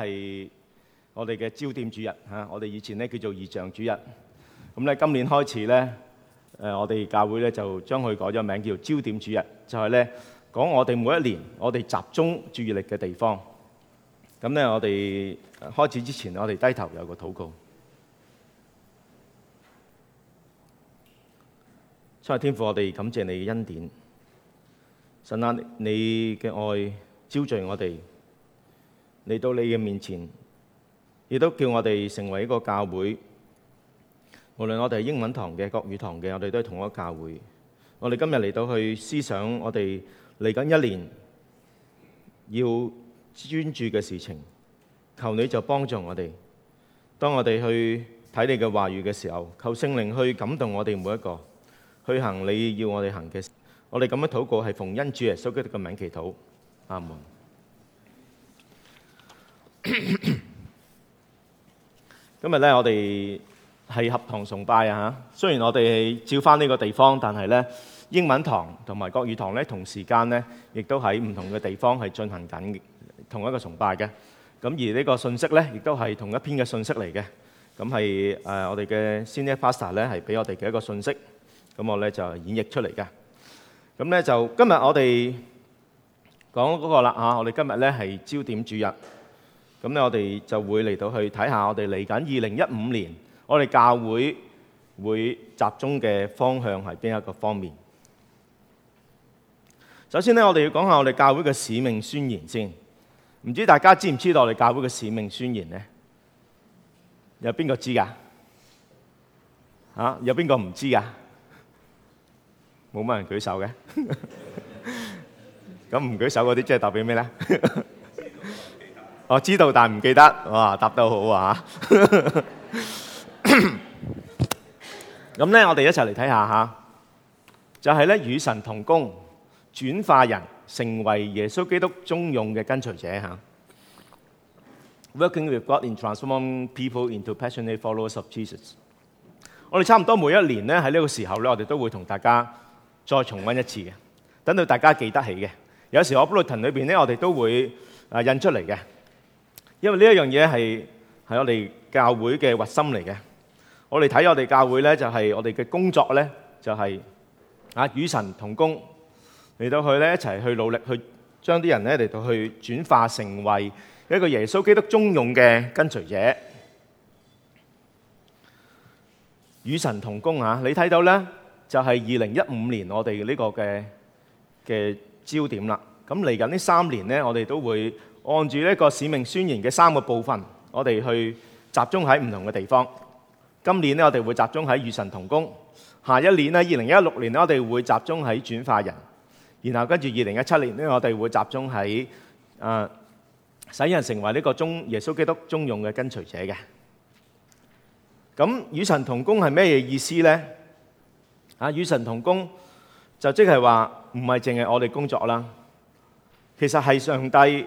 係我哋嘅焦點主日吓，我哋以前呢叫做異象主日，咁咧，今年開始咧，誒我哋教會咧就將佢改咗名，叫焦點主日，就係咧講我哋每一年我哋集中注意力嘅地方。咁咧我哋開始之前，我哋低頭有個禱告，天父，我哋感謝你嘅恩典，神啊，你嘅愛澆灌我哋。嚟到你嘅面前，亦都叫我哋成為一個教會。無論我哋係英文堂嘅、國語堂嘅，我哋都係同一個教會。我哋今日嚟到去思想我哋嚟緊一年要專注嘅事情。求你就幫助我哋，當我哋去睇你嘅話語嘅時候，求聖靈去感動我哋每一個，去行你要我哋行嘅。我哋咁樣禱告係奉恩主耶穌基督嘅名祈禱。阿門。 今日咧，我哋係合堂崇拜啊！吓，雖然我哋照翻呢個地方，但係咧，英文堂同埋國語堂咧，同時間咧亦都喺唔同嘅地方係進行緊同一個崇拜嘅。咁而呢個信息咧，亦都係同一篇嘅信息嚟嘅。咁係誒，我哋嘅 Senior Pastor 咧係俾我哋嘅一個信息。咁我咧就演繹出嚟嘅。咁咧就今日我哋講嗰個啦吓，啊，我哋今日咧係焦點主入。咁咧，我哋就會嚟到去睇下我哋嚟緊二零一五年，我哋教會會集中嘅方向係邊一個方面？首先咧，我哋要講下我哋教會嘅使命宣言先。唔知大家知唔知道我哋教會嘅使命宣言咧？有邊個知㗎？嚇！有邊個唔知㗎？冇乜人舉手嘅。咁 唔舉手嗰啲，即係代表咩咧？ 我知道，但唔記得。哇，答得好啊！咁咧， 那我哋一齊嚟睇下嚇，就係咧與神同工，轉化人成為耶穌基督忠勇嘅跟隨者 Working with God in transforming people into passionate followers of Jesus。我哋差唔多每一年咧喺呢個時候咧，我哋都會同大家再重溫一次嘅，等到大家記得起嘅。有時我 Bulletin 裏面咧，我哋都會啊印出嚟嘅。因為呢一樣嘢係係我哋教會嘅核心嚟嘅，我哋睇我哋教會咧就係我哋嘅工作咧就係啊與神同工嚟到去咧一齊去努力去將啲人咧嚟到去轉化成為一個耶穌基督忠勇嘅跟隨者，與神同工啊！你睇到咧就係二零一五年我哋呢個嘅嘅焦點啦。咁嚟緊呢三年咧我哋都會。按住呢個使命宣言嘅三個部分，我哋去集中喺唔同嘅地方。今年呢，我哋會集中喺與神同工。下一年呢，二零一六年呢，我哋會集中喺轉化人。然後跟住二零一七年呢，我哋會集中喺啊，使人成為呢個中耶穌基督忠勇嘅跟隨者嘅。咁與神同工係咩嘢意思呢？啊，與神同工就即係話唔係淨係我哋工作啦，其實係上帝。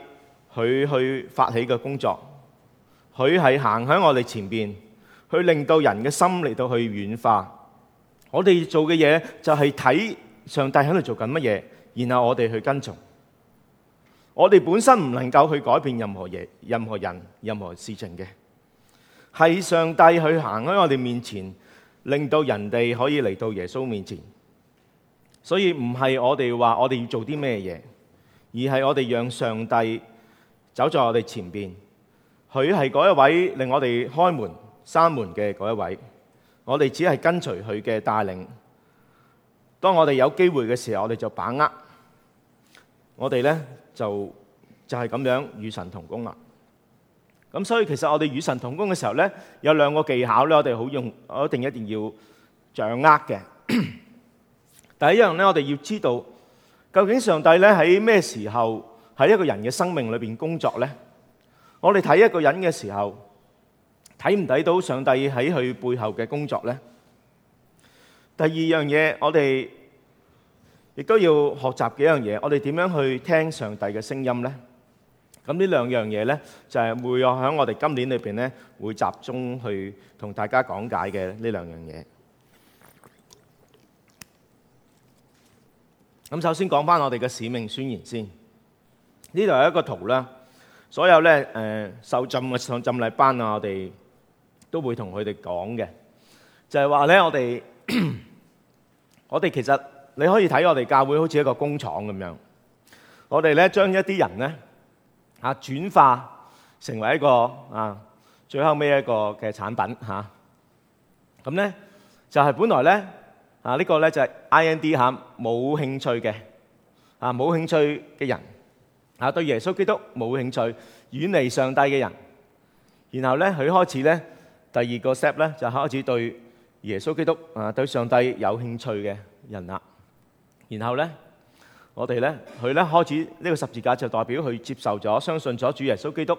佢去發起嘅工作，佢係行喺我哋前邊，去令到人嘅心嚟到去軟化。我哋做嘅嘢就係睇上帝喺度做緊乜嘢，然後我哋去跟從。我哋本身唔能夠去改變任何嘢、任何人、任何事情嘅。係上帝去行喺我哋面前，令到人哋可以嚟到耶穌面前。所以唔係我哋話我哋要做啲咩嘢，而係我哋讓上帝走在我哋前邊，佢係嗰一位令我哋開門閂門嘅嗰一位。我哋只係跟隨佢嘅帶領。當我哋有機會嘅時候，我哋就把握。我哋咧就就係咁樣與神同工啦。咁所以其實我哋與神同工嘅時候咧，有兩個技巧咧，我哋好用，我一定一定要掌握嘅。第一樣咧，我哋要知道究竟上帝咧喺咩時候？喺一個人嘅生命裏邊工作呢，我哋睇一個人嘅時候，睇唔睇到上帝喺佢背後嘅工作呢？第二樣嘢，我哋亦都要學習幾樣嘢，我哋點樣去聽上帝嘅聲音呢？咁呢兩樣嘢呢，就係會有喺我哋今年裏邊呢，會集中去同大家講解嘅呢兩樣嘢。咁首先講翻我哋嘅使命宣言先。呢度有一個圖啦，所有咧、呃、受浸嘅上浸禮班啊，我哋都會同佢哋講嘅，就係話咧，我哋 我哋其實你可以睇我哋教會好似一個工廠咁樣，我哋咧將一啲人咧嚇轉化成為一個啊最後尾一個嘅產品嚇，咁、啊、咧就係、是、本來咧啊、這個、呢個咧就係、是、I N D 吓、啊、冇興趣嘅啊冇興趣嘅人。啊！對耶穌基督冇興趣，遠離上帝嘅人，然後咧，佢開始咧，第二個 step 咧就開始對耶穌基督啊，對上帝有興趣嘅人啦。然後咧，我哋咧，佢咧開始呢、這個十字架就代表佢接受咗、相信咗主耶穌基督。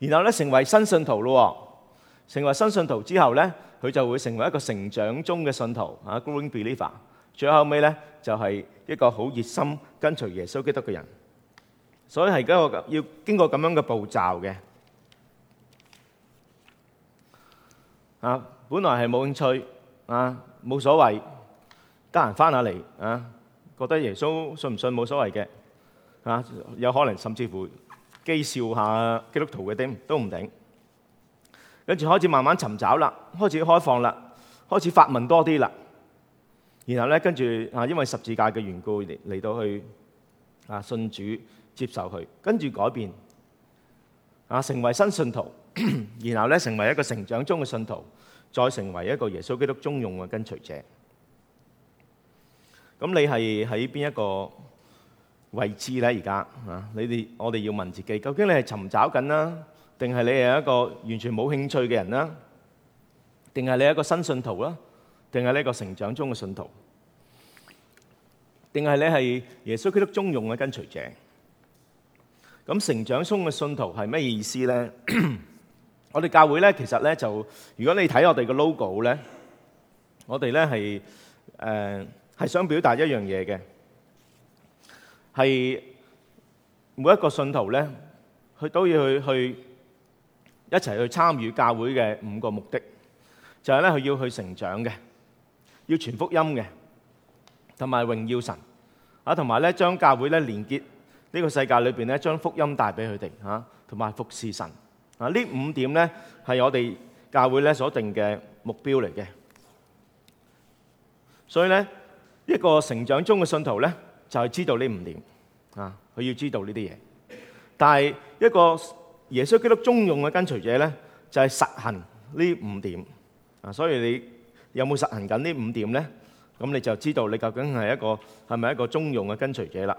然後咧，成為新信徒咯，成為新信徒之後咧，佢就會成為一個成長中嘅信徒啊，growing believer。最後尾咧，就係、是、一個好熱心跟隨耶穌基督嘅人。所以係咁，要經過咁樣嘅步驟嘅。啊，本來係冇興趣，啊，冇所謂，得閒翻下嚟，啊，覺得耶穌信唔信冇所謂嘅，啊，有可能甚至乎譏笑下基督徒嘅頂都唔頂。跟住開始慢慢尋找啦，開始開放啦，開始發問多啲啦。然後咧，跟住啊，因為十字架嘅緣故嚟到去啊信主。接受佢，跟住改變啊，成為新信徒，然後咧，成為一個成長中嘅信徒，再成為一個耶穌基督中用嘅跟隨者。咁你係喺邊一個位置咧？而家啊，你哋我哋要問自己，究竟你係尋找緊啦，定係你係一個完全冇興趣嘅人啦，定係你係一個新信徒啦，定係呢個成長中嘅信徒，定係你係耶穌基督中用嘅跟隨者？咁成長中嘅信徒係咩意思咧？我哋教會咧，其實咧就如果你睇我哋嘅 logo 咧，我哋咧係誒係想表達一樣嘢嘅，係每一個信徒咧，佢都要去去一齊去參與教會嘅五個目的，就係咧佢要去成長嘅，要傳福音嘅，同埋榮耀神啊，同埋咧將教會咧連結。呢個世界裏邊咧，將福音帶俾佢哋嚇，同埋服侍神啊！呢五點咧係我哋教會咧所定嘅目標嚟嘅。所以咧，一個成長中嘅信徒咧，就係知道呢五點啊，佢要知道呢啲嘢。但係一個耶穌基督忠用嘅跟隨者咧，就係實行呢五點啊。所以你有冇實行緊呢五點咧？咁你就知道你究竟係一個係咪一個忠用嘅跟隨者啦。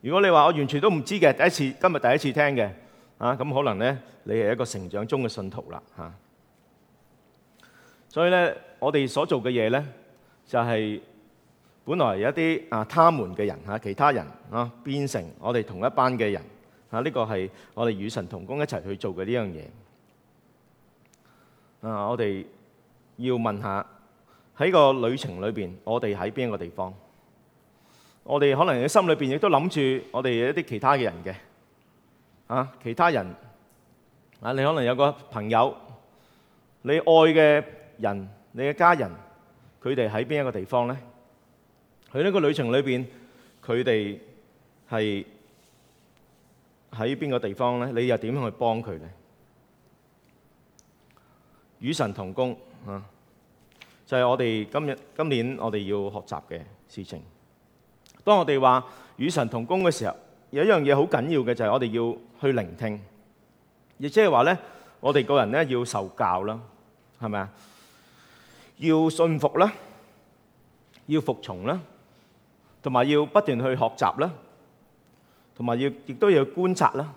如果你話我完全都唔知嘅，第一次今日第一次聽嘅，啊咁可能咧你係一個成長中嘅信徒啦，嚇、啊。所以咧，我哋所做嘅嘢咧，就係本來有一啲啊，他們嘅人嚇、啊，其他人啊，變成我哋同一班嘅人嚇，啊，呢個係我哋與神同工一齊去做嘅呢樣嘢。啊，我哋要問下喺個旅程裏邊，我哋喺邊一個地方？我哋可能喺心裏邊亦都諗住我哋一啲其他嘅人嘅，啊其他人，啊，其他人啊，你可能有個朋友，你愛嘅人、你嘅家人，佢哋喺邊一個地方咧？喺呢個旅程裏邊，佢哋係喺邊個地方咧？你又點樣去幫佢咧？與神同工啊，就係、係、我哋今日今年我哋要學習嘅事情。當我哋話與神同工嘅時候，有一樣嘢好緊要嘅就係我哋要去聆聽，亦即係話咧，我哋個人咧要受教啦，係咪啊？要信服啦，要服從啦，同埋要不斷去學習啦，同埋要亦都要觀察啦，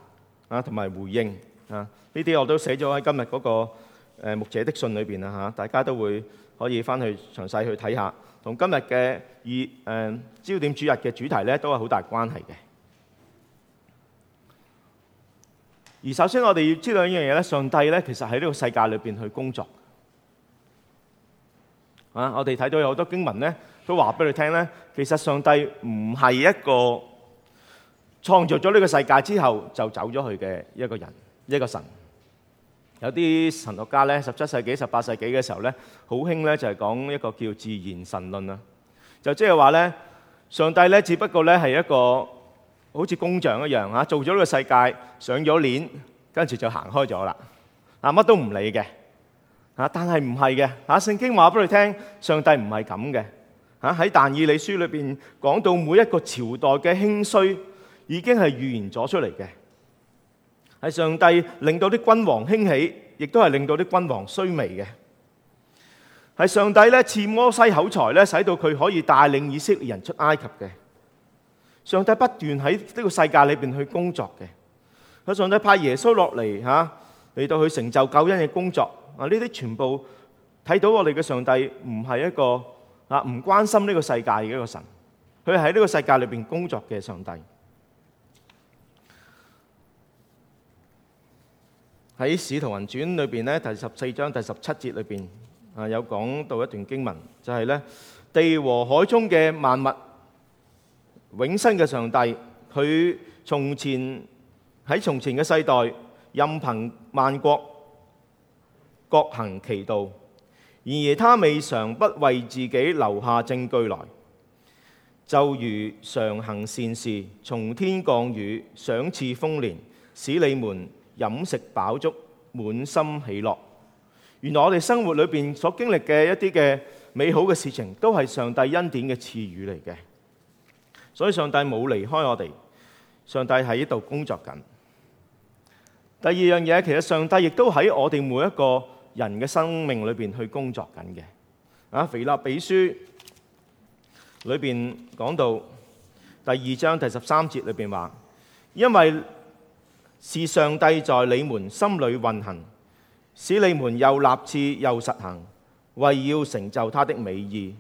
啊，同埋回應啊，呢啲我都寫咗喺今日嗰個誒牧者的信裏邊啦嚇，大家都會可以翻去詳細去睇下。同今日嘅以誒焦點主日嘅主題咧，都係好大關係嘅。而首先，我哋要知道一樣嘢咧，上帝咧其實喺呢個世界裏邊去工作啊！我哋睇到有好多經文咧，都話俾你聽咧，其實上帝唔係一個創造咗呢個世界之後就走咗去嘅一個人，一個神。有啲神學家咧，十七世紀、十八世紀嘅時候咧，好興咧就係講一個叫自然神論啊，就即係話咧，上帝咧只不過咧係一個好似工匠一樣做咗呢個世界，上咗鏈，跟住就行開咗啦，啊乜都唔理嘅，啊但係唔係嘅，啊聖經話俾你聽，上帝唔係咁嘅，喺但以理書裏邊講到每一個朝代嘅興衰，已經係預言咗出嚟嘅。係上帝令到啲君王興起，亦都係令到啲君王衰微嘅。係上帝咧，賜摩西口才咧，使到佢可以帶領以色列人出埃及嘅。上帝不斷喺呢個世界裏邊去工作嘅。佢上帝派耶穌落嚟吓，嚟、啊、到去成就救恩嘅工作。啊，呢啲全部睇到我哋嘅上帝唔係一個啊，唔關心呢個世界嘅一個神。佢喺呢個世界裏邊工作嘅上帝。喺《使徒行傳》裏邊呢，第十四章第十七節裏邊啊，有講到一段經文，就係呢：「地和海中嘅萬物，永生嘅上帝，佢從前喺從前嘅世代任憑萬國各行其道，然而他未嘗不為自己留下證據來，就如常行善事，從天降雨，賞賜豐年，使你們。飲食飽足，滿心喜樂。原來我哋生活裏邊所經歷嘅一啲嘅美好嘅事情，都係上帝恩典嘅賜予嚟嘅。所以上帝冇離開我哋，上帝喺呢度工作緊。第二樣嘢，其實上帝亦都喺我哋每一個人嘅生命裏邊去工作緊嘅。啊，腓立比書裏邊講到第二章第十三節裏邊話，因為。是上帝在你們心裏運行，使你們又立志又實行，為要成就他的美意。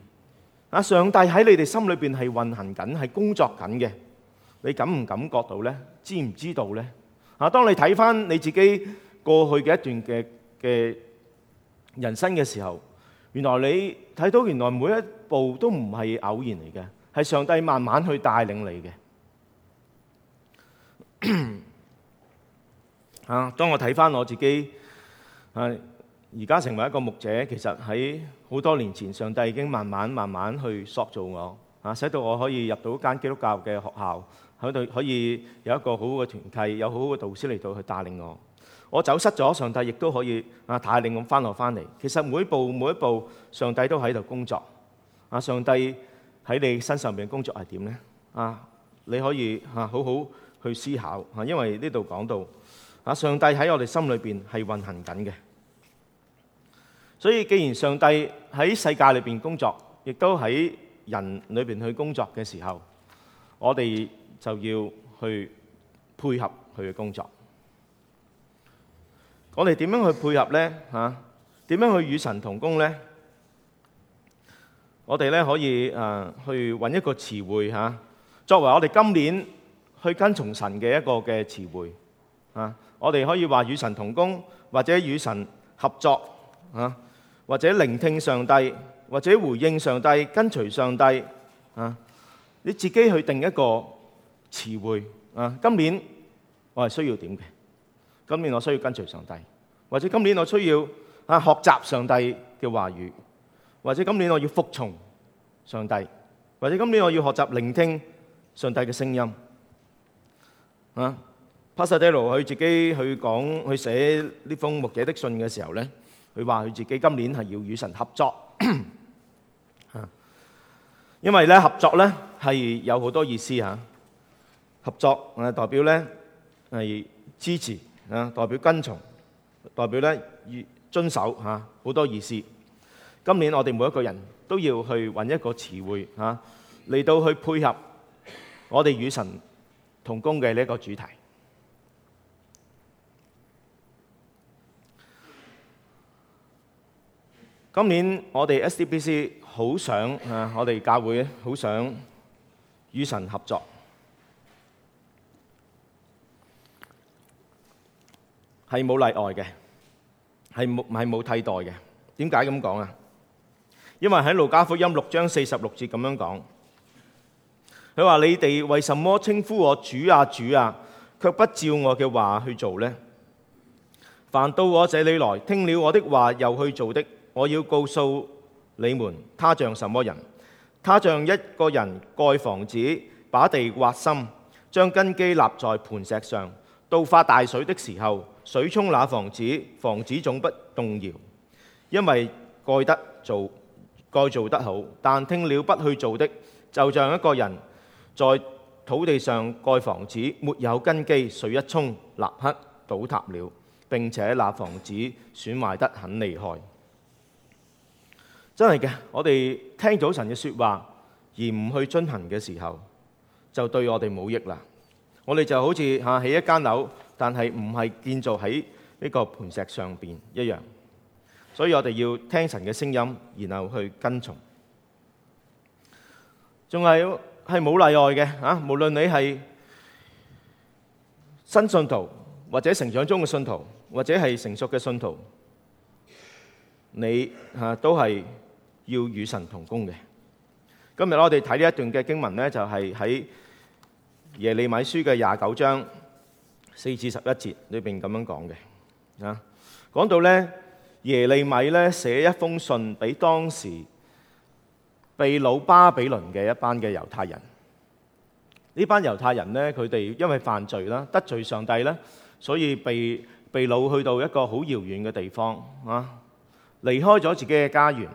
啊，上帝喺你哋心裏邊係運行緊，係工作緊嘅。你感唔感覺到呢？知唔知道呢？啊，當你睇翻你自己過去嘅一段嘅嘅人生嘅時候，原來你睇到原來每一步都唔係偶然嚟嘅，係上帝慢慢去帶領你嘅。 啊！當我睇翻我自己，啊，而家成為一個牧者，其實喺好多年前，上帝已經慢慢慢慢去塑造我啊，使到我可以入到一間基督教嘅學校喺度，可以有一個好好嘅團契，有好好嘅導師嚟到去帶領我。我走失咗，上帝亦都可以啊，帶領我翻落翻嚟。其實每一步每一步，上帝都喺度工作啊！上帝喺你身上面工作係點呢？啊，你可以啊，好好去思考啊，因為呢度講到。啊！上帝喺我哋心裏邊係運行緊嘅，所以既然上帝喺世界裏邊工作，亦都喺人裏邊去工作嘅時候，我哋就要去配合佢嘅工作。我哋點樣去配合呢？啊，點樣去與神同工呢？我哋咧可以、呃、去揾一個詞彙吓，作為我哋今年去跟從神嘅一個嘅詞彙啊。我哋可以話與神同工，或者與神合作啊，或者聆聽上帝，或者回應上帝，跟隨上帝啊。你自己去定一個詞彙啊。今年我係需要點嘅？今年我需要跟隨上帝，或者今年我需要啊學習上帝嘅話語，或者今年我要服從上帝，或者今年我要學習聆聽上帝嘅聲音啊。阿塞德羅佢自己去講去寫呢封牧者的信嘅時候咧，佢話佢自己今年係要與神合作吓， 因為咧合作，咧係有好多意思吓。合作誒，代表咧係支持啊，代表跟從，代表咧遵守吓好多意思。今年我哋每一個人都要去揾一個詞彙吓，嚟到去配合我哋與神同工嘅呢個主題。今年我哋 SDBC 好想啊，我哋教會好想與神合作，係冇例外嘅，係冇，係冇替代嘅。點解咁講啊？因為喺路加福音六章四十六節咁樣講，佢話：你哋為什麼稱呼我主啊主啊，卻不照我嘅話去做呢？凡到我這裡來，聽了我的話又去做的，我要告訴你們，他像什麼人？他像一個人蓋房子，把地挖深，將根基立在磐石上。到發大水的時候，水沖那房子，房子總不動搖，因為蓋得做，蓋做得好。但聽了不去做的，就像一個人在土地上蓋房子，沒有根基，水一沖，立刻倒塌了。並且那房子損壞得很厲害。真係嘅，我哋聽咗神嘅說話而唔去遵行嘅時候，就對我哋冇益啦。我哋就好似吓起一間樓，但係唔係建造喺呢個磐石上面一樣。所以我哋要聽神嘅聲音，然後去跟從。仲係係冇例外嘅啊！無論你係新信徒，或者成長中嘅信徒，或者係成熟嘅信徒，你吓、啊、都係。要與神同工嘅。今日我哋睇呢一段嘅經文呢，就係喺耶利米書嘅廿九章四至十一節裏邊，咁樣講嘅啊。講到呢，耶利米呢，寫一封信俾當時被擄巴比倫嘅一班嘅猶太人，呢班猶太人呢，佢哋因為犯罪啦，得罪上帝咧，所以被被擄去到一個好遙遠嘅地方啊，離開咗自己嘅家園。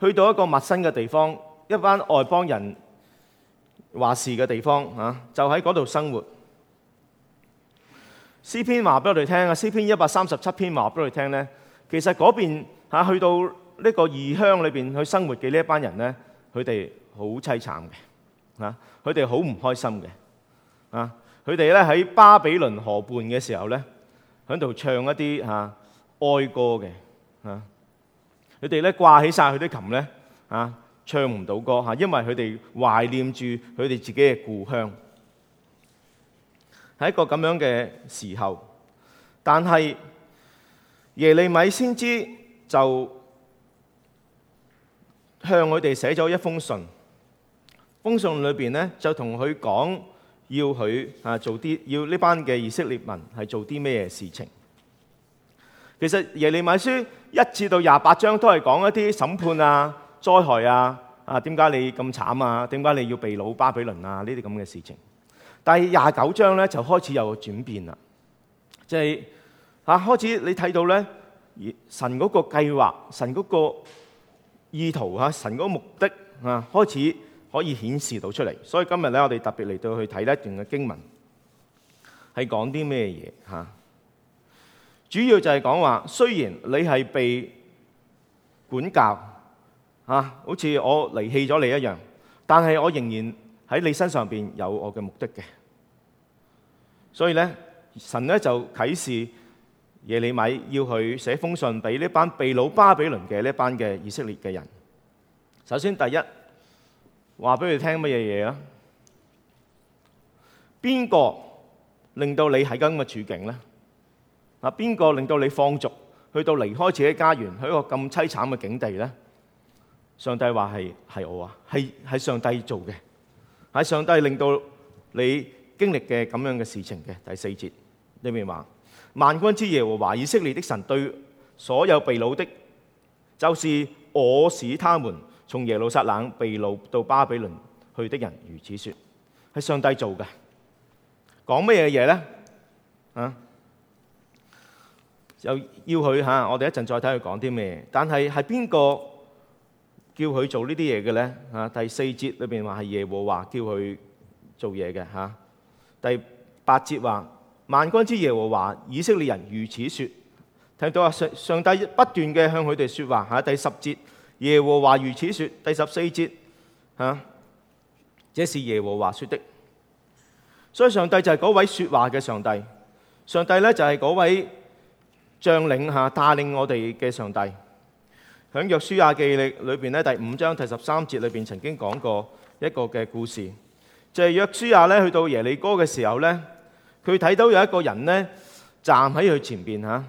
去到一個陌生嘅地方，一班外邦人話事嘅地方嚇，就喺嗰度生活。詩篇話俾我哋聽啊，詩篇一百三十七篇話俾我哋聽咧，其實嗰邊嚇去到呢個異鄉裏邊去生活嘅呢一班人咧，佢哋好凄慘嘅嚇，佢哋好唔開心嘅啊，佢哋咧喺巴比倫河畔嘅時候咧，喺度唱一啲嚇哀歌嘅嚇。佢哋咧掛起晒佢啲琴咧，啊，唱唔到歌吓，因為佢哋懷念住佢哋自己嘅故鄉。係一個咁樣嘅時候，但係耶利米先知就向佢哋寫咗一封信，封信裏邊咧就同佢講要佢啊做啲要呢班嘅以色列民係做啲咩事情。其實耶利米書一至到廿八章都係講一啲審判啊、災害啊、啊點解你咁慘啊、點解你要被擄巴比倫啊呢啲咁嘅事情，但係廿九章咧就開始有個轉變啦，即係啊開始你睇到咧神嗰個計劃、神嗰個意圖吓、啊、神嗰個目的啊開始可以顯示到出嚟，所以今日咧我哋特別嚟到去睇一段嘅經文，係講啲咩嘢吓？啊主要就係講話，雖然你係被管教啊，好似我離棄咗你一樣，但係我仍然喺你身上邊有我嘅目的嘅。所以咧，神咧就啟示耶利米要去寫封信俾呢班被擄巴比倫嘅呢班嘅以色列嘅人。首先第一，話俾佢聽乜嘢嘢啊？邊個令到你喺咁嘅處境咧？嗱，邊個令到你放逐去到離開自己家園去一個咁凄慘嘅境地咧？上帝話係我啊，係上帝做嘅，係上帝令到你經歷嘅咁樣嘅事情嘅。第四節，你明話，萬軍之耶和華以色列的神對所有被擄的，就是我使他們從耶路撒冷被擄到巴比倫去的人，如此說，係上帝做嘅。講乜嘢嘢咧？啊！又要佢嚇，我哋一陣再睇佢講啲咩。但係係邊個叫佢做呢啲嘢嘅咧？第四節裏面話係耶和華叫佢做嘢嘅，啊、第八節話萬軍之耶和華以色列人如此説，聽到啊上上帝不斷嘅向佢哋説話，啊、第十節耶和華如此説，第十四節嚇、啊，這是耶和華説的。所以上帝就係嗰位説話嘅上帝，上帝咧就係嗰位。將領下，帶領我哋嘅上帝，響約書亞記力裏邊咧第五章第十三節裏邊曾經講過一個嘅故事，就係、是、約書亞咧去到耶利哥嘅時候咧，佢睇到有一個人咧站喺佢前邊吓，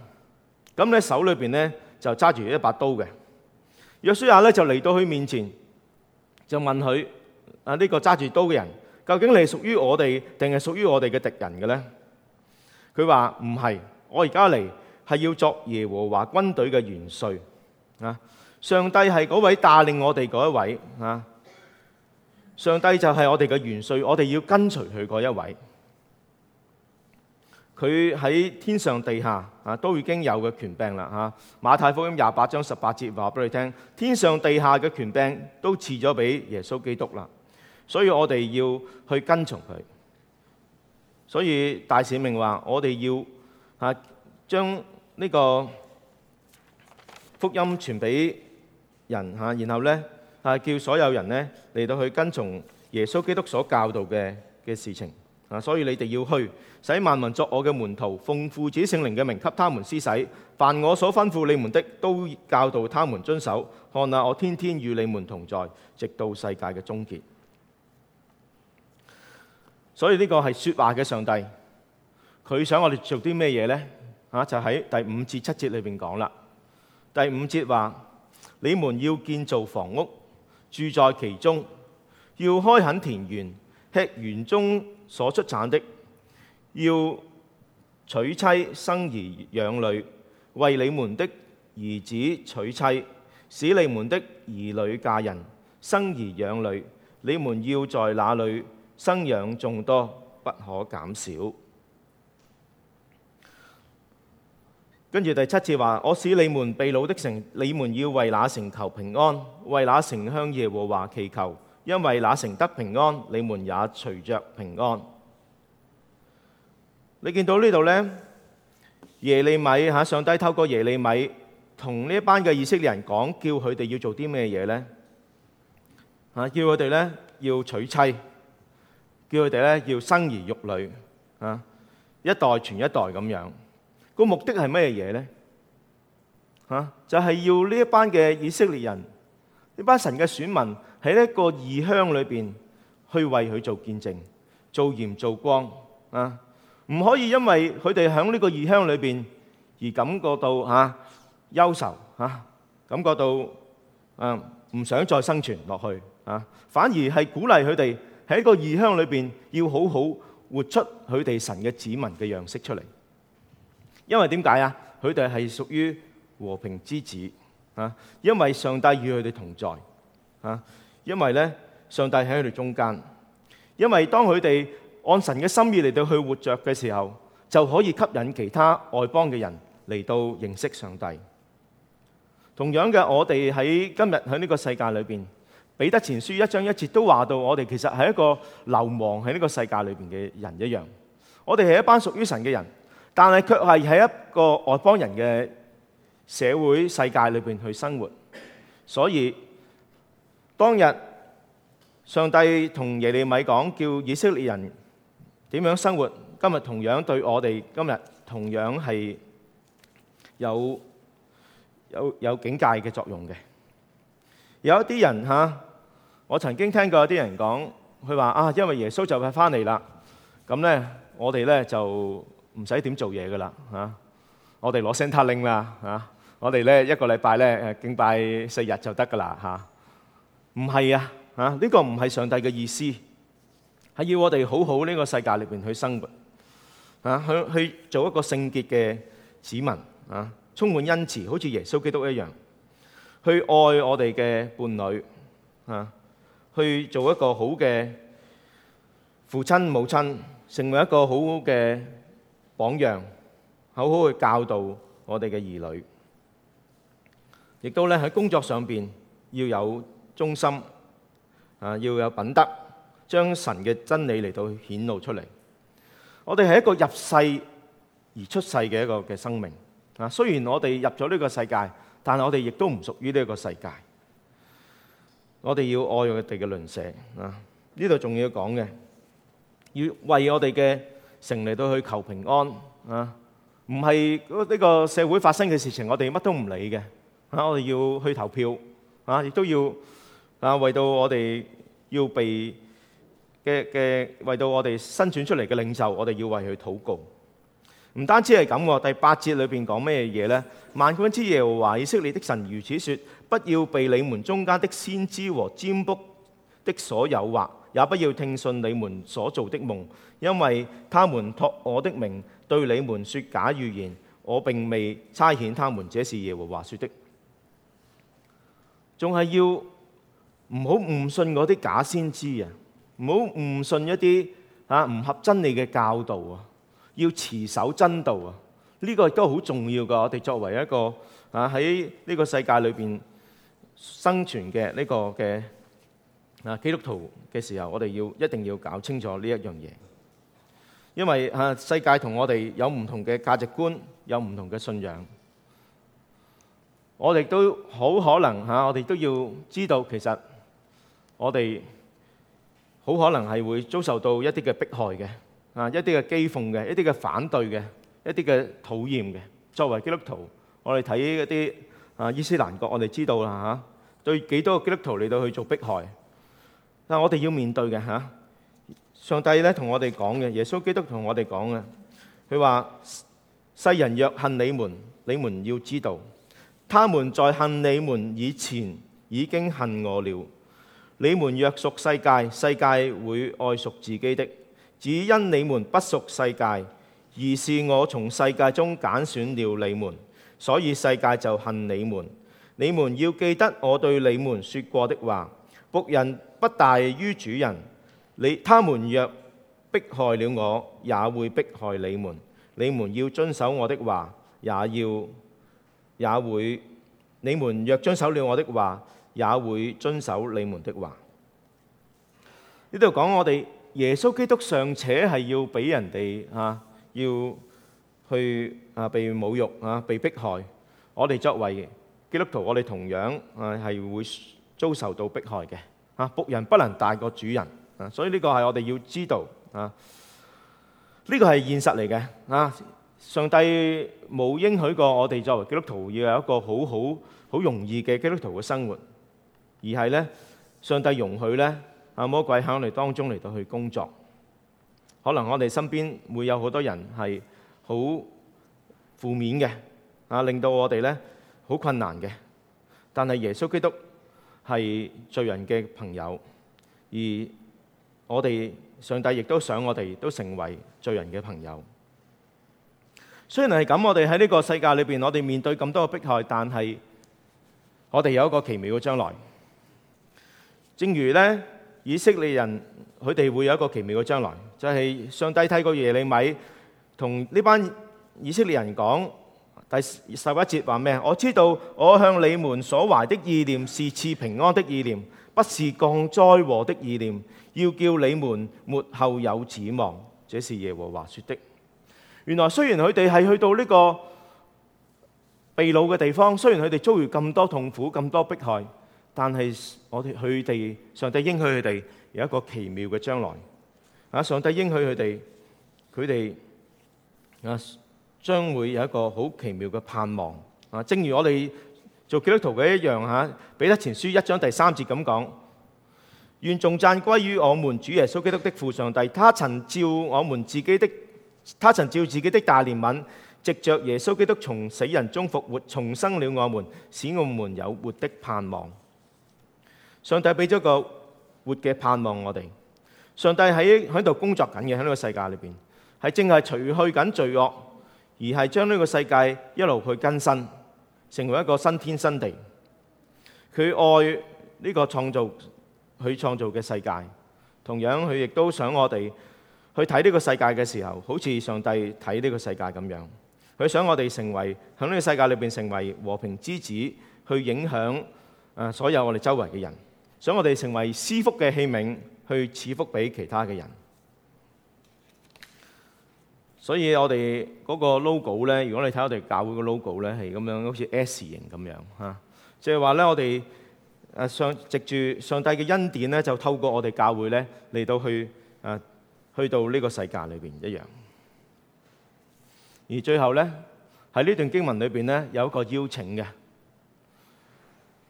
咁咧手裏邊咧就揸住一把刀嘅。約書亞咧就嚟到佢面前，就問佢啊，呢個揸住刀嘅人，究竟你屬於我哋定係屬於我哋嘅敵人嘅咧？佢話唔係，我而家嚟。係要作耶和華軍隊嘅元帥啊！上帝係嗰位帶領我哋嗰一位啊！上帝就係我哋嘅元帥，我哋要跟隨佢嗰一位。佢喺天上地下啊都已經有嘅權柄啦！啊，馬太福音廿八章十八節話俾你聽，天上地下嘅權柄都賜咗俾耶穌基督啦。所以我哋要去跟從佢。所以大使命話我哋要啊將。呢個福音傳俾人吓，然後呢，啊，叫所有人呢，嚟到去跟從耶穌基督所教導嘅嘅事情啊，所以你哋要去使萬民作我嘅門徒，奉父子聖靈嘅名給他們施洗，凡我所吩咐你們的，都教導他們遵守。看下我天天與你們同在，直到世界嘅終結。所以呢個係說話嘅上帝，佢想我哋做啲咩嘢呢？啊！就喺第五至七節裏面講啦。第五節話：你們要建造房屋，住在其中；要開墾田園，吃園中所出產的；要娶妻生兒養女，為你們的兒子娶妻，使你們的兒女嫁人，生兒養女。你們要在那裏生養眾多，不可減少。跟住第七節話：我使你們被擄的城，你們要為那城求平安，為那城向耶和華祈求，因為那城得平安，你們也隨着平安。你見到呢度呢？耶利米嚇，上帝透過耶利米同呢一班嘅以色列人講，叫佢哋要做啲咩嘢呢？叫佢哋呢，要娶妻，叫佢哋呢，要生兒育女，一代傳一代咁樣。個目的係咩嘢咧？吓，就係要呢一班嘅以色列人，呢班神嘅選民喺一個異鄉裏邊，去為佢做見證，做鹽做光啊！唔可以因為佢哋響呢個異鄉裏邊而感覺到吓憂愁吓，感覺到啊唔想再生存落去啊，反而係鼓勵佢哋喺一個異鄉裏邊要好好活出佢哋神嘅子民嘅樣式出嚟。因為點解啊？佢哋係屬於和平之子啊！因為上帝與佢哋同在啊！因為咧，上帝喺佢哋中間。因為當佢哋按神嘅心意嚟到去活着嘅時候，就可以吸引其他外邦嘅人嚟到認識上帝。同樣嘅，我哋喺今日喺呢個世界裏邊，彼得前書一章一節都話到，我哋其實係一個流亡喺呢個世界裏邊嘅人一樣。我哋係一班屬於神嘅人。但係卻係喺一個外邦人嘅社會世界裏邊去生活，所以當日上帝同耶利米講，叫以色列人點樣生活，今日同樣對我哋，今日同樣係有有有警戒嘅作用嘅。有一啲人嚇，我曾經聽過一啲人講，佢話啊，因為耶穌就快翻嚟啦，咁咧我哋咧就。唔使點做嘢噶啦，吓、啊！我哋攞聖塔領啦，吓、啊！我哋咧一個禮拜咧敬拜四日就得噶啦，吓！唔係啊，吓、啊！呢、啊這個唔係上帝嘅意思，係要我哋好好呢個世界裏邊去生活，吓、啊、去去做一個聖潔嘅子民，吓、啊、充滿恩慈，好似耶穌基督一樣，去愛我哋嘅伴侶，吓、啊、去做一個好嘅父親母親，成為一個好好嘅。榜樣，好好去教導我哋嘅兒女，亦都咧喺工作上邊要有忠心啊，要有品德，將神嘅真理嚟到顯露出嚟。我哋係一個入世而出世嘅一個嘅生命啊。雖然我哋入咗呢個世界，但係我哋亦都唔屬於呢個世界。我哋要愛用佢哋嘅鄰舍啊。呢度仲要講嘅，要為我哋嘅。成嚟到去求平安啊！唔係呢個社會發生嘅事情，我哋乜都唔理嘅啊！我哋要去投票啊，亦都要啊，為到我哋要被嘅嘅，為到我哋生存出嚟嘅領袖，我哋要為佢禱告。唔單止係咁喎，第八節裏邊講咩嘢呢？萬軍之耶和華以色列的神如此説：不要被你們中間的先知和占卜的所有惑，也不要聽信你們所做的夢，因為他們託我的名對你們説假預言。我並未差遣他們，這是耶和華說的。仲係要唔好誤信嗰啲假先知啊！唔好誤信一啲啊唔合真理嘅教導啊！要持守真道啊！呢、這個亦都好重要噶。我哋作為一個啊喺呢個世界裏邊生存嘅呢個嘅。嗱，基督徒嘅時候，我哋要一定要搞清楚呢一樣嘢，因為啊世界同我哋有唔同嘅價值觀，有唔同嘅信仰。我哋都好可能嚇，我哋都要知道，其實我哋好可能係會遭受到一啲嘅迫害嘅，啊一啲嘅譏諷嘅，一啲嘅反對嘅，一啲嘅討厭嘅。作為基督徒，我哋睇一啲啊伊斯蘭國，我哋知道啦嚇，對幾多個基督徒嚟到去做迫害。但我哋要面對嘅嚇，上帝咧同我哋講嘅，耶穌基督同我哋講嘅，佢話：世人若恨你們，你們要知道，他們在恨你們以前已經恨我了。你們若屬世界，世界會愛屬自己的；只因你們不屬世界，而是我從世界中揀選了你們，所以世界就恨你們。你們要記得我對你們說過的話。僕人不大於主人，你他們若迫害了我，也會迫害你們。你們要遵守我的話，也要也會。你們若遵守了我的話，也會遵守你們的話。呢度講我哋耶穌基督尚且係要俾人哋啊，要去啊被侮辱啊被迫害。我哋作為基督徒，我哋同樣啊係會。遭受到迫害嘅，啊僕人不能大過主人，啊所以呢個係我哋要知道，啊呢個係現實嚟嘅，啊上帝冇應許過我哋作為基督徒要有一個好好好容易嘅基督徒嘅生活，而係呢，上帝容許呢，啊魔鬼喺我哋當中嚟到去工作，可能我哋身邊會有好多人係好負面嘅，啊令到我哋呢好困難嘅，但係耶穌基督。係罪人嘅朋友，而我哋上帝亦都想我哋都成為罪人嘅朋友。雖然係咁，我哋喺呢個世界裏邊，我哋面對咁多嘅迫害，但係我哋有一個奇妙嘅將來。正如呢，以色列人佢哋會有一個奇妙嘅將來，就係上帝睇過耶利米，同呢班以色列人講。第十一節話咩？我知道我向你們所懷的意念是賜平安的意念，不是降災禍的意念，要叫你們末後有指望。這是耶和華說的。原來雖然佢哋係去到呢個被擄嘅地方，雖然佢哋遭遇咁多痛苦、咁多迫害，但係我哋佢哋上帝應許佢哋有一個奇妙嘅將來。啊！上帝應許佢哋，佢哋將會有一個好奇妙嘅盼望啊！正如我哋做基督徒嘅一樣嚇，彼得前書一章第三節咁講：願頌讚歸於我們主耶穌基督的父上帝。他曾照我們自己的他曾照自己的大憐憫，藉着耶穌基督從死人中復活，重生了我們，使我們有活的盼望。上帝俾咗個活嘅盼望我哋。上帝喺喺度工作緊嘅喺呢個世界裏邊，係正係除去緊罪惡。而係將呢個世界一路去更新，成為一個新天新地。佢愛呢個創造，佢創造嘅世界，同樣佢亦都想我哋去睇呢個世界嘅時候，好似上帝睇呢個世界咁樣。佢想我哋成為響呢個世界裏面成為和平之子，去影響所有我哋周圍嘅人，想我哋成為施福嘅器皿，去賜福俾其他嘅人。所以我哋嗰個 logo 咧，如果你睇我哋教會嘅 logo 咧，係咁樣好似 S 型咁樣吓，即係話咧我哋誒上藉住上帝嘅恩典咧，就透過我哋教會咧嚟到去誒、啊、去到呢個世界裏邊一樣。而最後咧，喺呢段經文裏邊咧有一個邀請嘅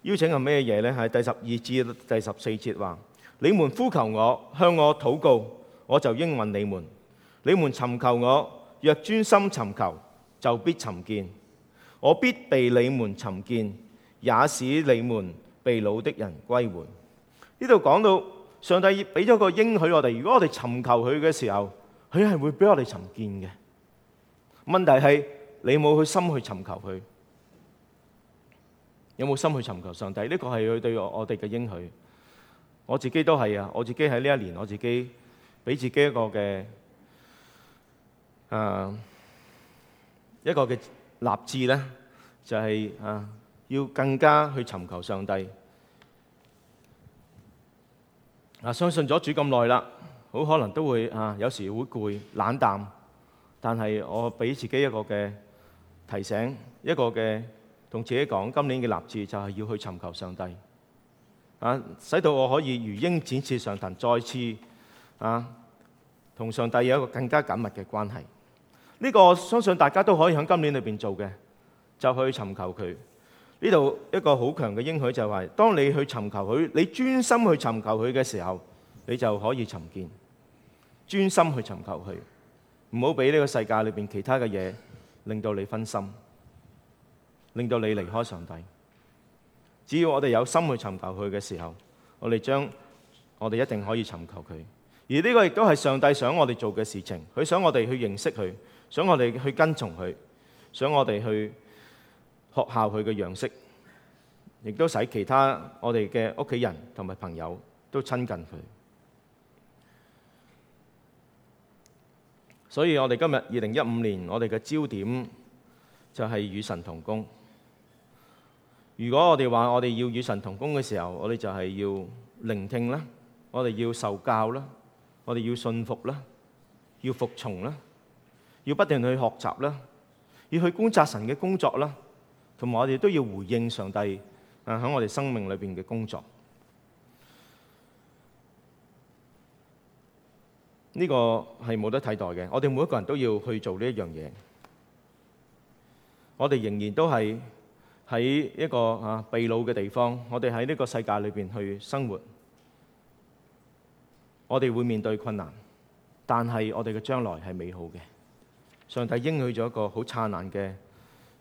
邀請係咩嘢咧？係第十二至第十四節話：你們呼求我，向我禱告，我就應允你們。你們尋求我，若專心尋求，就必尋見；我必被你們尋見，也使你們被擄的人歸回。呢度講到上帝俾咗個應許我哋，如果我哋尋求佢嘅時候，佢係會俾我哋尋見嘅。問題係你冇去心去尋求佢，有冇心去尋求上帝？呢個係佢對我我哋嘅應許。我自己都係啊，我自己喺呢一年，我自己俾自己一個嘅。啊，一個嘅立志咧，就係啊，要更加去尋求上帝。啊，相信咗主咁耐啦，好可能都會啊，有時會攰、冷淡，但係我俾自己一個嘅提醒，一個嘅同自己講，今年嘅立志就係要去尋求上帝。啊，使到我可以如鷹展翅上騰，再次啊，同上帝有一個更加緊密嘅關係。呢個我相信大家都可以喺今年裏面做嘅，就去尋求佢。呢度一個好強嘅應許就係：當你去尋求佢，你專心去尋求佢嘅時候，你就可以尋見。專心去尋求佢，唔好俾呢個世界裏面其他嘅嘢令到你分心，令到你離開上帝。只要我哋有心去尋求佢嘅時候，我哋將我哋一定可以尋求佢。而呢個亦都係上帝想我哋做嘅事情，佢想我哋去認識佢。想我哋去跟從佢，想我哋去學效佢嘅樣式，亦都使其他我哋嘅屋企人同埋朋友都親近佢。所以我哋今日二零一五年我哋嘅焦點就係與神同工。如果我哋話我哋要與神同工嘅時候，我哋就係要聆聽啦，我哋要受教啦，我哋要信服啦，要服從啦。要不斷去學習啦，要去觀察神嘅工作啦，同埋我哋都要回應上帝啊，喺我哋生命裏邊嘅工作。呢個係冇得替代嘅。我哋每一個人都要去做呢一樣嘢。我哋仍然都係喺一個啊被擄嘅地方，我哋喺呢個世界裏邊去生活。我哋會面對困難，但係我哋嘅將來係美好嘅。上帝應許咗一個好燦爛嘅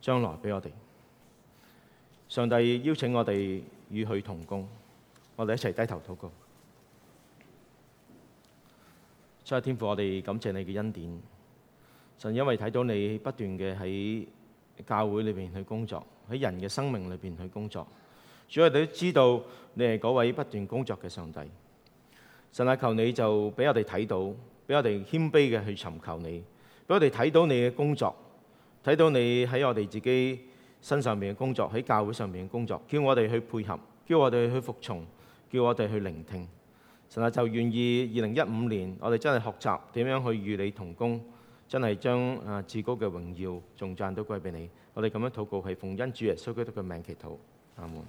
將來俾我哋。上帝邀請我哋與佢同工，我哋一齊低頭禱告。所以天父，我哋感謝你嘅恩典。神因為睇到你不斷嘅喺教會裏邊去工作，喺人嘅生命裏邊去工作，所以我哋都知道你係嗰位不斷工作嘅上帝。神啊，求你就俾我哋睇到，俾我哋謙卑嘅去尋求你。如果我哋睇到你嘅工作，睇到你喺我哋自己身上面嘅工作，喺教會上面嘅工作，叫我哋去配合，叫我哋去服從，叫我哋去聆聽，神啊就願意二零一五年，我哋真係學習點樣去與你同工，真係將啊至高嘅榮耀仲讚都歸俾你，我哋咁樣禱告係奉恩主耶穌基督嘅名祈禱。阿門。